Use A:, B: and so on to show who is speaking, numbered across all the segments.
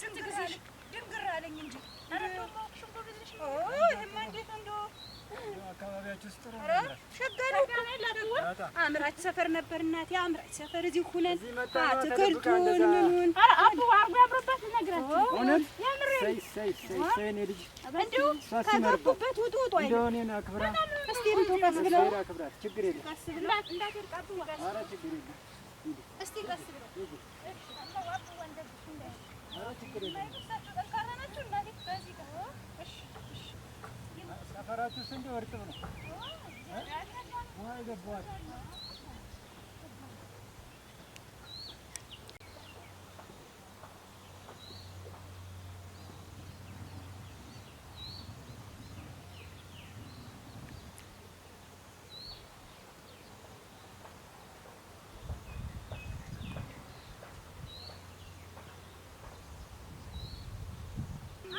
A: ስንት ጊዜ ድንግር አለኝ እንጂ አምራች ሰፈር ነበር እናቴ፣ አምራች ሰፈር እዚህ ሁነን አትክልቱን ምኑን አቡ አርጎ ያምሮባት ልነግራችሁ
B: ሰፈራችሁ ስንዴ ወርቅ ነው።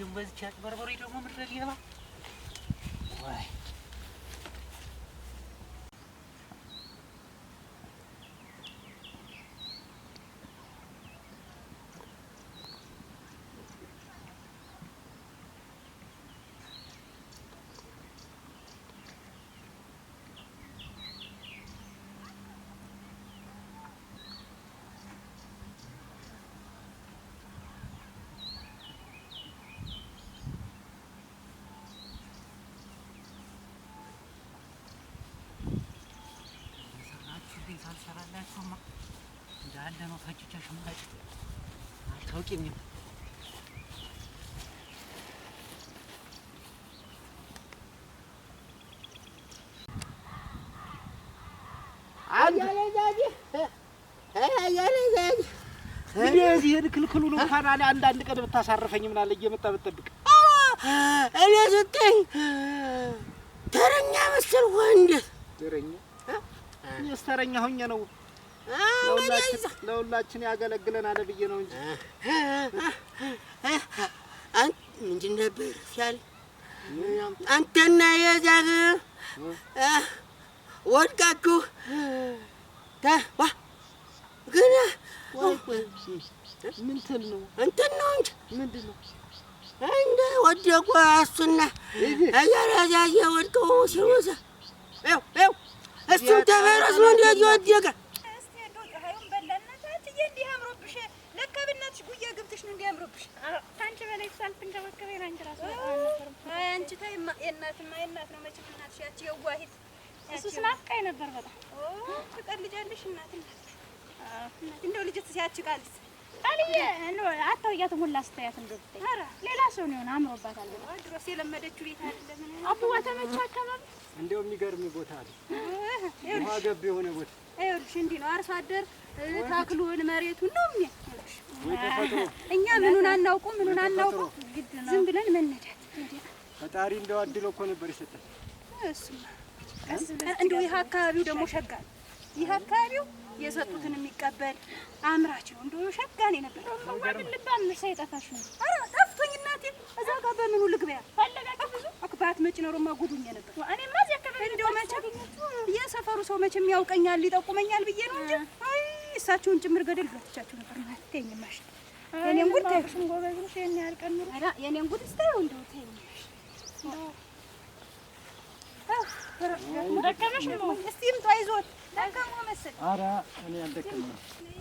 C: ደግሞ በዚች አጭበርበሬ ደግሞ ምድረ ሌባ ወይ አልፈልጋችሁማ እንዳለ ነው ፈጅቻችሁ ማለት አልታውቂም።
D: እንደዚህ ልክልክሉ ነው። ታዲያ አንዳንድ ቀን ብታሳርፈኝ ምን አለ? እየመጣ ብትጠብቅ እኔ ስትኝ ተረኛ መሰል ወንድ ተረኛ
B: እኔስ ተረኛ ሆኜ ነው ለሁላችን ያገለግለናል ብዬ ነው እንጂ
D: ምንድን ነበር ሲያል አንተና የዛን ወድቃችሁ ግን
B: ምንትን ነው እንትን ነው
D: እንጂ ምንድን ነው እንደ ወደቁ እሱና እያራዛየ ወድቀው ሲወሰ እሱም ተፈረስ ነው እንደዚህ ወደቀ።
A: ጉያ ገብተሽ ነው እንዲያምርብሽ። ከአንቺ በላይ ሳልፍ እንደወከበ አንቺ ራሱ አንቺ ታይማ የእናትማ የእናት ነው መቼም እናትሽ ያቺ የዋሂት እሱ ስናፍቃኝ ነበር በጣም ትቀልጃለሽ። እናት እንደው ልጅት ሲያች ቃልስ ቃልዬ አታውያትም ሁላ ስታያት እንደው ብታይ ሌላ ሰው ነው የሆነ አምሮባታል። ድሮስ የለመደችው ቤት አይደለም አቡዋ ተመቸው አካባቢ እንደው የሚገርም ቦታ
B: አለ ገብ የሆነ ቦታ ይኸውልሽ እንዲህ ነው አርሶ አደር
A: ታክሉን መሬቱን ነው የሚያ እኛ ምኑን አናውቁ ምኑን አናውቁ ዝም ብለን መነዳት። ፈጣሪ እንደው አድሎ እኮ ነበር የሰጠን። እሱማ
B: እንደው ይህ አካባቢው ደግሞ ሸጋ ነው። ይህ አካባቢው የሰጡትን
A: የሚቀበል አምራች ነው። እንደው ሸጋ ነው የነበረ ልባ ምሳ የጠፋሽ ነው። ኧረ ጠፍቶኝ እናቴ እዛ ጋር በምኑ ልግበያ ፈለጋችሁ ብዙ ባትመጪ ኖሮማ ጉዱኝ ነበር። እኔማ እዚህ አካባቢ እንደው መቼም የሰፈሩ ሰው መቼም ያውቀኛል ሊጠቁመኛል ብዬ ነው እንጂ አይ እሳቸውን ጭምር ገደል ብላትቻቸው ነበር። አትይኝማሽ የእኔን ጉድ ታይሽም ጎበዝ ነሽ። የኔ ያልቀምሩ አራ የኔን ጉድ ስታዩ እንደው ታይኝሽ ደከመሽ ነው። እስቲ ይምጡ አይዞት ደከሙ መሰል አራ እኔ አልደከመም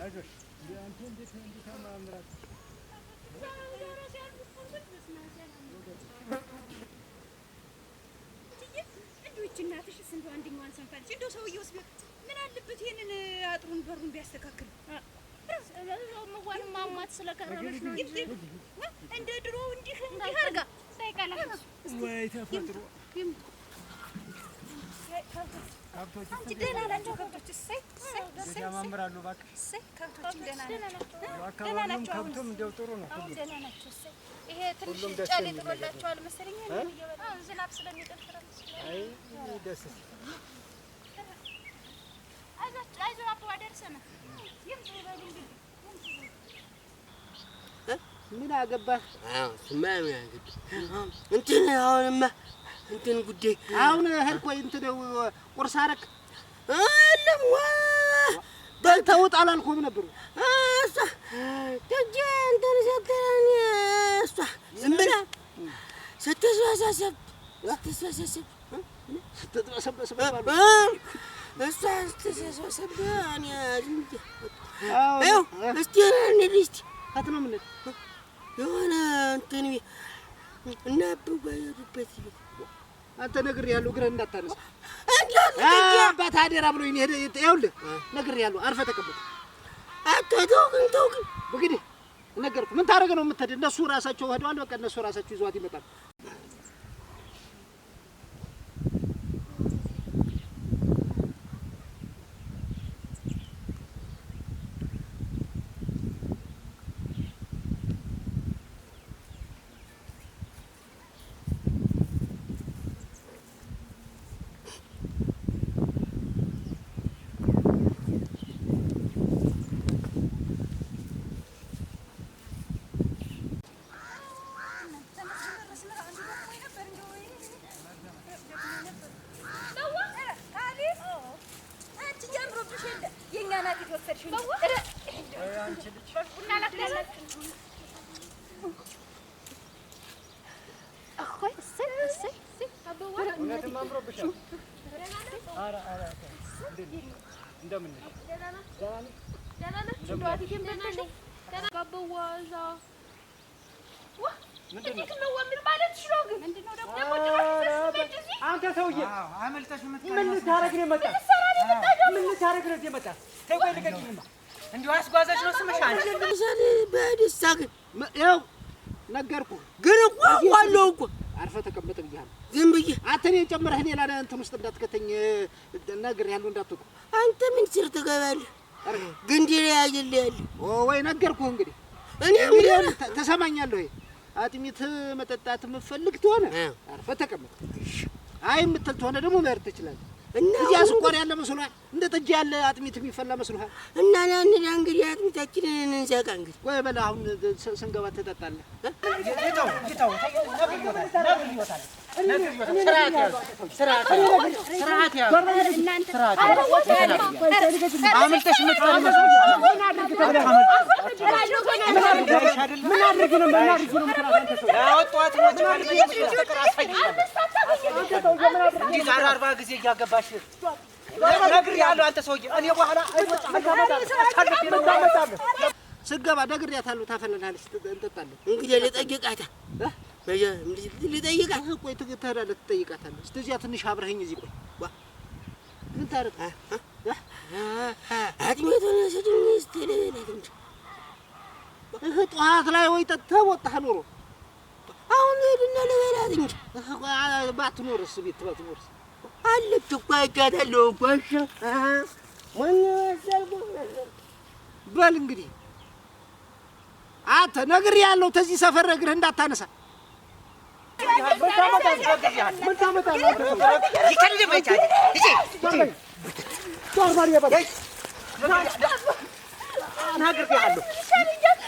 B: አይዞሽ እንዴት እንዴት ማምራት
A: ይች እናትሽ ስንት አንደኛዋን ሰንፋለች። እንደው ሰውዬውስ ምን አለበት ይሄንን አጥሩን በሩን ቢያስተካክል። እመዋን ማማት ስለከረመች ነው እንጂ እንደ ድሮ እንዲህ እንዲህ አድርጋ ሳይቀላት ወይ ተፈጥሮ አንቺ ደህና ጥሩ ነው። አሁን ደህና ናቸው። ይሄ ትንሽ ጫሌ ጥሎላቸዋል መሰለኝ ዝናብ ስለሚጥል ምን
B: አገባህ?
D: እንትን አሁንማ እንትን ጉዴ አሁን ሄድኩ
B: ወይ እንትን ቁርስ አደረክ? የለም
D: በልተውጥ አላልኩም ነበር
B: እሷ ደጄ
D: እንትን ስትለኝ እሷ ዝም ብላ ስትስበሰስብ
B: ስትስበሰስብ
D: እሷ ስትስበሰስብ እኔ ዝም ብዬሽ ይኸው እስኪ እንሂድ እስኪ ከት ነው
B: የምልህ የሆነ እንትን
D: እና ብዋ የሄዱበት
B: አንተ ነግር ያለው እግርህን እንዳታነሳ። አባት
D: አደራ ብሎኝ ነው የሄደ።
B: ይኸውልህ ነግሬሃለሁ፣ አርፈህ ተቀመጥ። እንግዲህ ነገርኩህ። ምን ታደርግ ነው የምትሄድ? እነሱ ራሳቸው ሄደዋል። በቃ እነሱ ራሳቸው ይዘዋት ይመጣሉ። ነገርኩ ምን
D: ግን እኮ እኮ አርፈህ ተቀመጥ ብያለሁ።
B: ዝም ብዬ አንተ እኔን ጨምረህ ሌላ እንትን ውስጥ እንዳትከተኝ ነግሬሃለሁ። እንዳትወቁ አንተ ምን ስር ትገባለህ? ግንድ
D: ያለ ወይ እንግዲህ እኔ
B: ምን ተሰማኛለሁ። አጥሚት መጠጣት የምትፈልግ ትሆነ አርፈህ ተቀመጥ። አይ የምትል ትሆነ ደግሞ መሄድ ትችላለህ። እዚያ ስኳር ያለ መስሎሃል? እንደ ጠጅ ያለ አጥሚት የሚፈላ መስሎሃል? እና ያንን እንግዲህ አጥሚታችንን እንሳቃ። እንግዲህ ቆይ በላ፣ አሁን ስንገባ ትጠጣለህ። እንዲህ ዛሬ አርባ ጊዜ እያገባሽ ነግሬያለሁ። አንተ ሰውዬ እኔ በኋላ ስገባ ነግሬያታለሁ። ታፈለናለች፣ እንጠጣለን። እንግዲህ ልጠይቃታ ልጠይቃት። ቆይ ትሄዳለህ፣ ትጠይቃታለህ። ስትዚያ ትንሽ አብረኸኝ እዚህ ቆይ። ምን ታረግ አጥሜቱን ስድስት ጠዋት ላይ ወይ ተወጣህ ኑሮ አሁን ሄድና ልበላት እንጂ ባትኖርስ ቤት ባትኖርስ አለች እኮ አይጋታለሁ እኮ እሺ ምን በል እንግዲህ አንተ ያለው ተዚህ ሰፈር እግርህ እንዳታነሳ ምን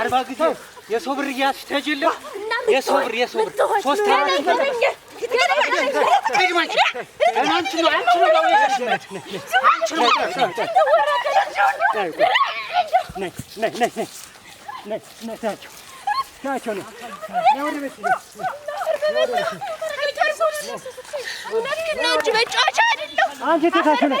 B: አርባ ጊዜ የሶብር እያስ ተጅለ የሶብር የሶብር ሶስት አራት አንቺ ተካሽ ነው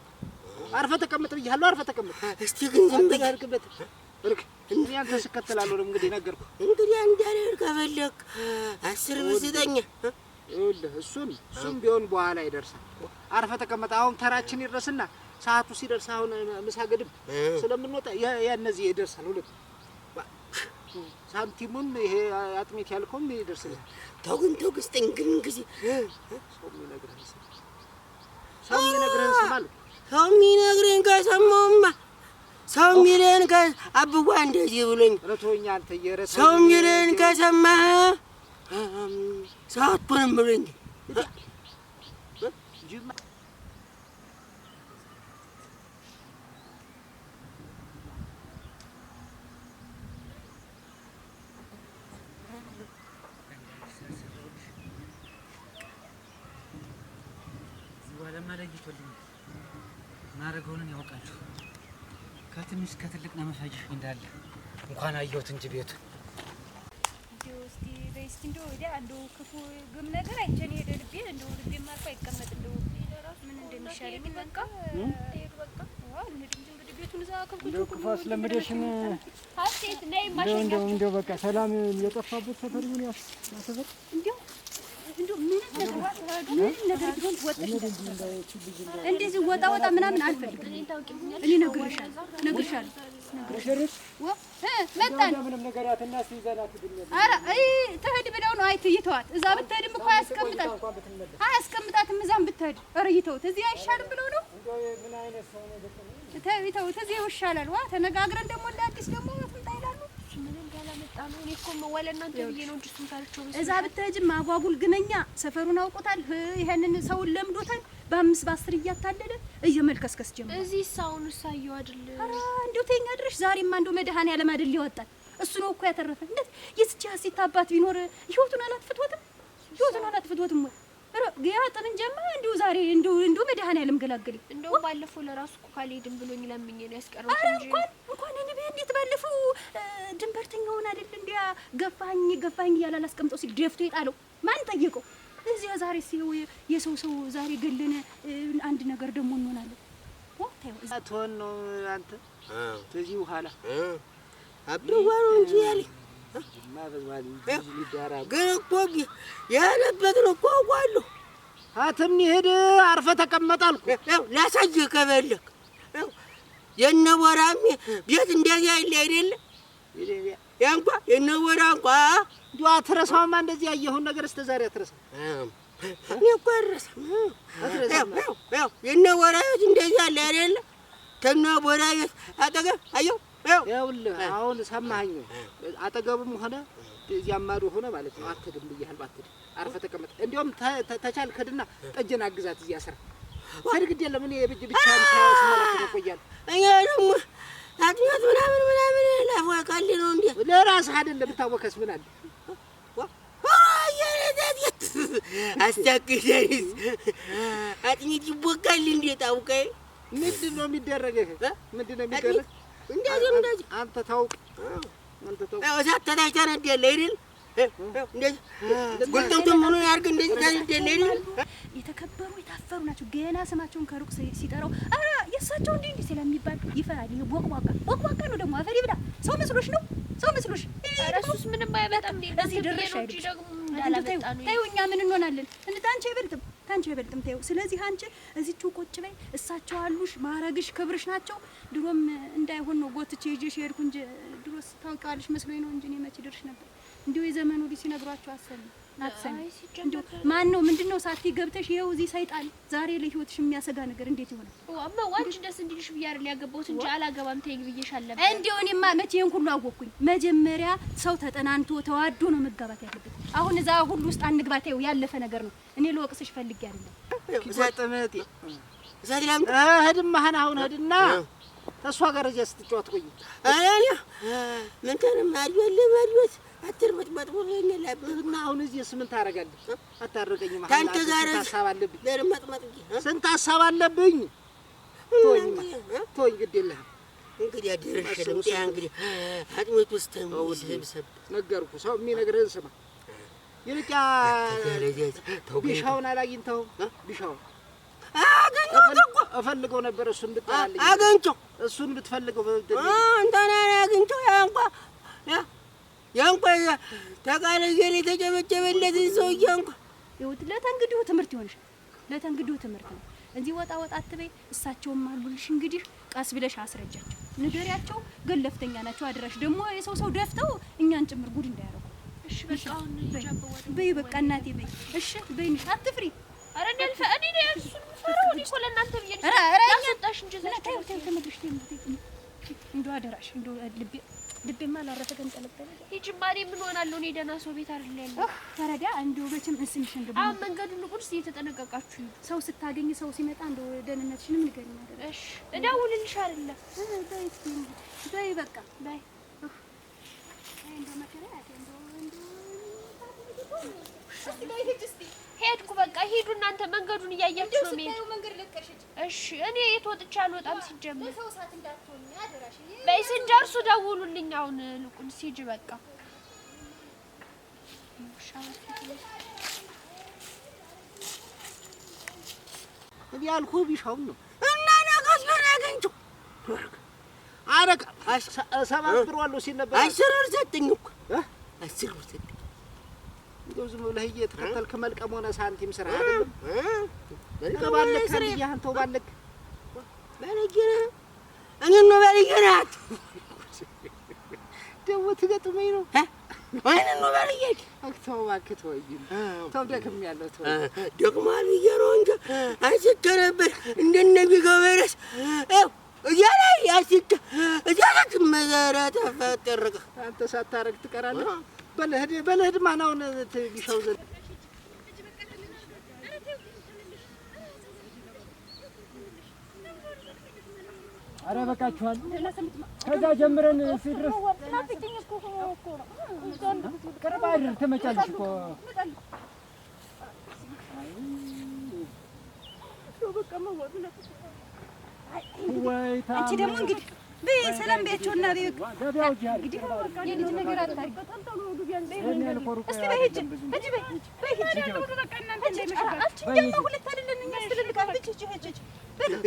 B: አርፈ ተቀመጥ ብያለሁ። አርፈህ ተቀመጥ። እስቲ ግን ዝም ብለህ አድርግበት። እርግ እንግዲህ አንተ ስከተላለሁ ነው እንግዲህ ነገርኩህ። እንግዲህ እንዳልሄድ ከፈለክ አስር ብር ይኸውልህ እሱን እሱም ቢሆን በኋላ ይደርሳል። አርፈህ ተቀመጥ። አሁን ተራችን ይድረስና ሰዓቱ ሲደርስ አሁን ምሳ ገድም ስለምንወጣ የእነዚህ ይደርሳል። ሁለት ሳንቲሙን ይሄ አጥሜት ያልከውም ይደርስልሃል። ተው ግን ተው ግን ግን ጊዜ ሰው የሚነግርህን ሰው የሚነግርህን ስማ አልኩህ ሰሚነግረን ከሰማሁማ ሰው ሚለን አብዋ እንደዚህ ብሎኝ ሰው ሚለን ከሰማህ ሰው አትሆንም ብሎኝ
C: ማድረገውን ያውቃሉ። ከትንሽ ከትልቅ ነው መፈጅሽ እንዳለ እንኳን አየሁት እንጂ ቤቱ እስኪ እንደው ወዲያ ክፉ ግም ነገር አይቼን ሄደ ልቤ እንደው ልቤ ማርፋ አይቀመጥ እንደው ምን እንደሚሻለኝ በቃ እንደው በቃ ሰላም የጠፋበት ሰፈር ይሁን ያስበል ምንም ነገር ቢሆን እንደዚህ ወጣ ወጣ ምናምን አልፈልግም። እኔ ብለው ነው። አይ እየተዋት እዛ ብትሄድም እኮ አያስቀምጣትም አያስቀምጣትም። እዛም ብትሄድ ኧረ እየተውት እዚህ አይሻልም ብለው ነው። ተው እዚህ ይሻላል። ዋ ተነጋግረን ደግሞ እንደ አዲስ ደግሞ እየመጣ ነው። እኔ እኮ ወለ እናንተ ብዬ ነው እንጂ እሱን ታርቸው እዛ ብትሄጂም አጓጉል ግነኛ ሰፈሩን አውቆታል። ይሄንን ሰውን ለምዶታል። በአምስት በአስር እያታለለ እየመልከስከስ ጀመረ። እዚህ ሳውን ሳየው አይደል? ኧረ እንደው ተኛ ድረሽ ዛሬማ እንደው አይደል እሱ ነው እኮ ያተረፈ። እንዴት የስቺ ሀሴት አባት ቢኖር ህይወቱን አላጥፍቶትም? ህይወቱን አላጥፍቶትም ወይ ያጥን እንጀማ እንዲሁ ዛሬ እንዲሁ እንዲሁ መድኃኒዓለም ገላገለኝ። እንደው ባለፈው ለራሱ እኮ ካልሄድም ብሎኝ ለምኜ ነው ያስቀረው እንጂ እንኳን እንኳን እኔ እንዴት ባለፈው ድንበርተኛውን አይደል እንዲያ ገፋኝ ገፋኝ እያለ አላስቀምጠው ሲል ደፍቶ የጣለው ማን ጠየቀው? እዚያ ዛሬ ሲው የሰው ሰው ዛሬ ገለነ። አንድ ነገር ደግሞ እንሆናለን። አትሆን ነው አንተ ከዚህ በኋላ አብረዋሮ እንጂ ያለኝ ግን እኮ የሄደበትን እኮ አውቀዋለሁ። አትም ሄድ አርፈህ ተቀመጥ ላሳይህ ከበለክ የእነ ቦራም ቤት እንደዚያ የለ አይደለ? ያንኳ የእነ ቦራ እንኳ እንዲሁ አትረሳውማ። እንደዚህ ያየኸውን ነገር እስከ ዛሬ አትረሳም። እኔ እኮ አልረሳም። የእነ ቦራ ቤት እንደዚያ ያለ አይደለ? ከእነ ቦራ ቤት አጠገብ አየሁ ይኸውልህ አሁን ሰማኸኝ። አጠገቡም ሆነ እዚያም ማዶ ሆነ ማለት ነው። አትድም ብያለሁ፣ አትድም። አርፈህ ተቀመጥ። እንዲያውም ተቻልክ ሂድና ጠጀን አግዛት እዚያ ስራ ሄድ። የለም እኔ ብቻ ስመለከት እቆያለሁ። እኔ ደግሞ አጥኛት ምናምን ምናምን ላፏቃል ነው እንዴ? ለራስህ አይደለም ብታወቀስ ምን አለ? አስታክሰሪስ አጥኝት ይቦካል እንዴ? ጣውቃዬ ምንድን ነው የሚደረግህ? ምንድን ነው የሚደረግ እንደዚህ እንደዚህ አንተ ታውቅ አንተ ታውቅ እዛ ተዳጅ ተነደለ አይደል ጉልቶቱም ያርግ የተከበሩ የታፈሩ ናቸው። ገና ስማቸውን ከሩቅ ሲጠራው ኧረ የእሳቸው እንዲህ እንዲህ ስለሚባል ይፈራል። ይሄ ቦቅቧቃ ቦቅቧቃ ነው ደግሞ ሰው መስሎሽ ነው ሰው መስሎሽ። እሱስ ምንም እዚህ ድርሽ ተይው። እኛ ምን እንሆናለን? አንቺ አይበልጥም አይበልጥም። ተይው። ስለዚህ አንቺ ቁጭ በይ። እሳቸው አሉሽ፣ ማረግሽ ክብርሽ ናቸው። ድሮም እንዳይሆን ነው ጎትቼ ይዤሽ የሄድኩ እንጂ ድሮስ ታውቂዋለሽ መስሎኝ ነው እንጂ እኔ መቼ ድርሽ ነበር እንዲሁ የዘመኑ ልጅ ሲነግሯቸው አሰሚ አሰሚ ማን ነው ምንድን ነው ሳቲ ገብተሽ ይኸው እዚህ ሰይጣን ዛሬ ለህይወትሽ የሚያሰጋ ነገር እንዴት ይሆናል? አባ አንቺ ደስ እንዲልሽ ብዬሽ አይደል ያገባሁት እንጂ አላገባም ተይኝ ብዬሻለሁ። እንዲሁ እኔማ መቼ ይሄን ሁሉ አወቅኩኝ? መጀመሪያ ሰው ተጠናንቶ ተዋዶ ነው መጋባት ያለበት። አሁን እዛ ሁሉ ውስጥ አንግባት፣ ተይው፣ ያለፈ ነገር ነው። እኔ ልወቅስሽ ፈልጌ አይደለም። ዘጥመት ዘላም እህድማ ሀና አሁን እህድና ተሷ ጋር እዚያ ስትጫወት ቆይ። አያ ምንተንም አድበል አድበት አትር መጥመጥቦ ይሄን ላይ እና አሁን እዚህ ምን ታደርጋለሽ? አታረቀኝ ማለት ጋር ስንት ሀሳብ አለብኝ። ቶኝ ቶኝ ግድ የለህም እንግዲህ አደረሽ እንግዲህ አጥመት ውስጥ ሰብሰብ ነገርኩ። ሰው የሚነግርህን ስማ። ይልቃ ቢሻውን አላግኝተው ቢሻውን እፈልገው ነበር እሱን ብትፈልገው አግኝቼው እሱን ብትፈልገው እንትን ያንኳ ያንኳ ተቃለ ገር የተጨበጨበለትን ሰውዬ እንኳ ይኸውት ለተንግዲሁ ትምህርት ይሆንሻል። ለተንግዲሁ ትምህርት ነው። እዚህ ወጣ ወጣ አትበይ። እሳቸውም አሉልሽ። እንግዲህ ቀስ ብለሽ አስረጃቸው፣ ንገሪያቸው። ገለፍተኛ ናቸው። አድራሽ ደግሞ የሰው ሰው ደፍተው እኛን ጭምር ጉድ እንዳያረጉ። እሺ በቃ አሁን በይ፣ በቃ እናቴ በይ። እሺ በይ፣ ንሽ አትፍሪ። ኧረ እንደልፈ እኔ ነው ያሱን ፈራው። እኔ እኮ ለእናንተ ብዬሽ ነው ያሰጣሽ እንጂ ዘለ ታዩ ታዩ ተመድርሽ እንደው አደራሽ እንደው ልቤ ልቤማ ላረፈ ተንጠለጠለ። ይቺማ እኔ ምን ሆናለሁ? እኔ ደህና ሰው ቤት አይደል ያለው። ፈረዳ እንደው መቼም እስምሽ እንደው አሁን መንገዱን ቁርስ እየተጠነቀቃችሁ ሰው ስታገኝ ሰው ሲመጣ እንደው ደህንነትሽንም ንገሪኝ አይደል? እሺ እደውልልሽ አይደለ? በይ እስኪ በይ በቃ በይ እንደው መከራ ያለ እንደው እንደው ሄድኩ። በቃ ሂዱ እናንተ መንገዱን እያያችሁ ነው የምሄድ። እሺ እኔ የት ወጥቼ አልወጣም። ሲጀመር በይ ሲደርሱ ደውሉልኝ። አሁን ልቁን ሲጅ በቃ እኔ አልኩህ ቢሻውን ነው እና ነገስ ምን ያገኘችው አረቀ ሰባት ብር ዋለው ሲል ነበር። አስር ብር ሰጠኝ እኮ አስር ብር ሰጠኝ እንደው ዝም ብለህ እየተከተልክ መልቀም ሆነ ሳንቲም ስራ አይደለም። ተባለክ አንድያ አንተ ባለክ ባለጌና እኔ ነው ባለጌና ደግሞ ትገጥመኝ ነው አይነ ነው ባለጌ አክተው ባክት ወይ ተው ደክም ያለው ተው ደግሞ አልየሮ እንጂ አይስተረብህ እንደነቢ ገበረስ እያለ ያሲት እያለ መዘረ ተፈጠርክ አንተ ሳታረግ ትቀራለህ። በለህድ በለህድ ማናውን ትግሻው ዘ አረ በቃችኋል። ከዛ ጀምረን እዚህ ድረስ ቅርብ አይደል? ትመጫለሽ እኮ ወይ አንቺ ደግሞ እንግዲህ ሰላም ቤያቸው እና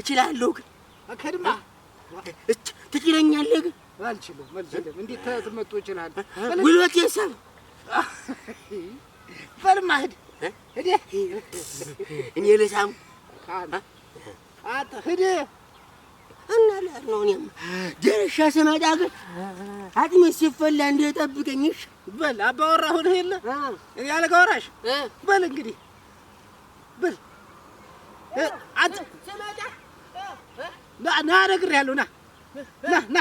C: እችላለሁ ግን ትችለኛለህ ግን አልችልም። እንዴት መቶ ይችላል? ጉልበት የሰብ በልማ ሂድ እኔ ልሳም ሂድ እና ላር ነው። እኔማ ደረሻ ስመጣ ግን አጥሜት ሲፈላ እንደ ጠብቀኝ። እሺ በል አባወራ ሆነህ የለ እኔ አልጋ ወራሽ በል እንግዲህ በል አንተ ስመጣ ና ነግሬሃለሁ። ና ና ና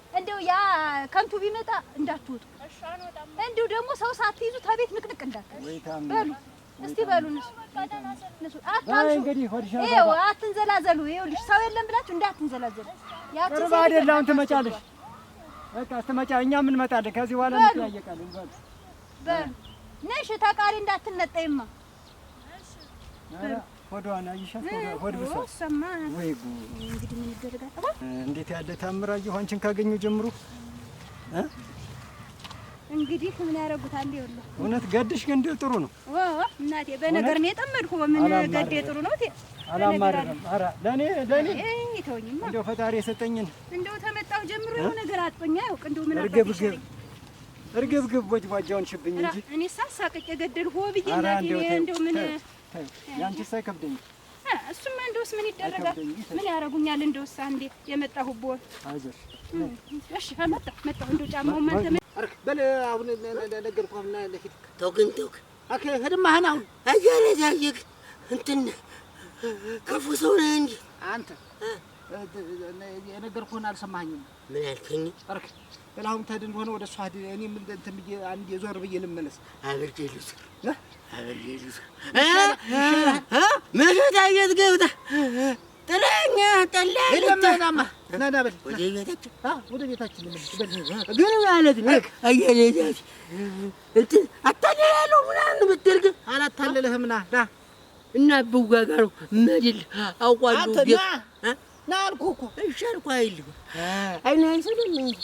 C: እንደው ያ ከንቱ ቢመጣ እንዳትወጡ፣ እንዲሁ ደግሞ ሰው ሳትይዙ ተቤት ንቅንቅ እንዳትሉ። በሉ እስቲ በሉ ንሱ ንሱ፣ አትንዘላዘሉ። ይኸውልሽ ሰው የለም ብላችሁ እንዳትንዘላዘሉ። ያቺ አይደለ አሁን ትመጫለሽ። በቃ ስትመጫ እኛም እንመጣለን። ከዚህ በኋላ እንጠያየቃለን። በሉ ነሽ ተቃሪ እንዳትነጠይማ ሆዷን አየሻት? ሆድ ብሷት ወይ ጉድ! እንግዲህ ምን ይደረጋል? እንዴት ያለ ታምራ አየሁ። አንቺን ካገኘሁ ጀምሮ እንግዲህ ምን ያደርጉታል? ይኸውልህ እውነት ገድሽ ግን እንደው ጥሩ ነው። እናቴ በነገር ነው የጠመድኩ። ምን ገዴ ጥሩ ነው። አላማርም። ኧረ ለእኔ ለእኔ ተወኝማ። እንደው ፈጣሪ የሰጠኝን እንደው ተመጣሁ ጀምሮ የሆነ ነገር አጥቶኝ አያውቅ። እንደው ምን አባቴ ይሻለኝ እርግብግብ ቦጅ ባጃውን ሽብኝ እንጂ እኔ ሳሳቅቅ የገደል ብዬ እናቴ እንደው ምን ያንቺ ሳይከብደኝ እሱማ እንደውስ ምን ይደረጋል? ምን ያደርጉኛል? እንደውስ አንዴ የመጣሁበት አይዞሽ። እሺ መጣ መጣሁ። እንደው ጫማውን አንተ ምን አደረክ? በል አሁን ነገርኩህ። አሁን ለፊት ተው ግን ተው አከ ህድማህን አሁን አያሬ ያየክ እንትን ክፉ ሰው ነህ እንጂ አንተ የነገርኩህን አልሰማኸኝም። ምን ያልከኝ? እርክ ጥላሁን ተድን ሆነ ወደ እሷ እኔም እንትን ብዬ አንድ የዞር ብዬ ልመለስ። አብርጄ ልዙር፣ አብርጄ ልዙር። ምን ታየት ገብታ ጥለኛ ጠላ ልመናማ ናና በል ወደ ቤታችን፣ ወደ ቤታችን ግን ማለት ነው አየሌዳት እንትን አታለላለሁ ምናምን ብትል ግን ና እና ብዋጋ ነው መድል አውቋለሁ ና አልኩህ እኮ። እሺ አልኩህ አይልም አይኔ አይሰማም እንጂ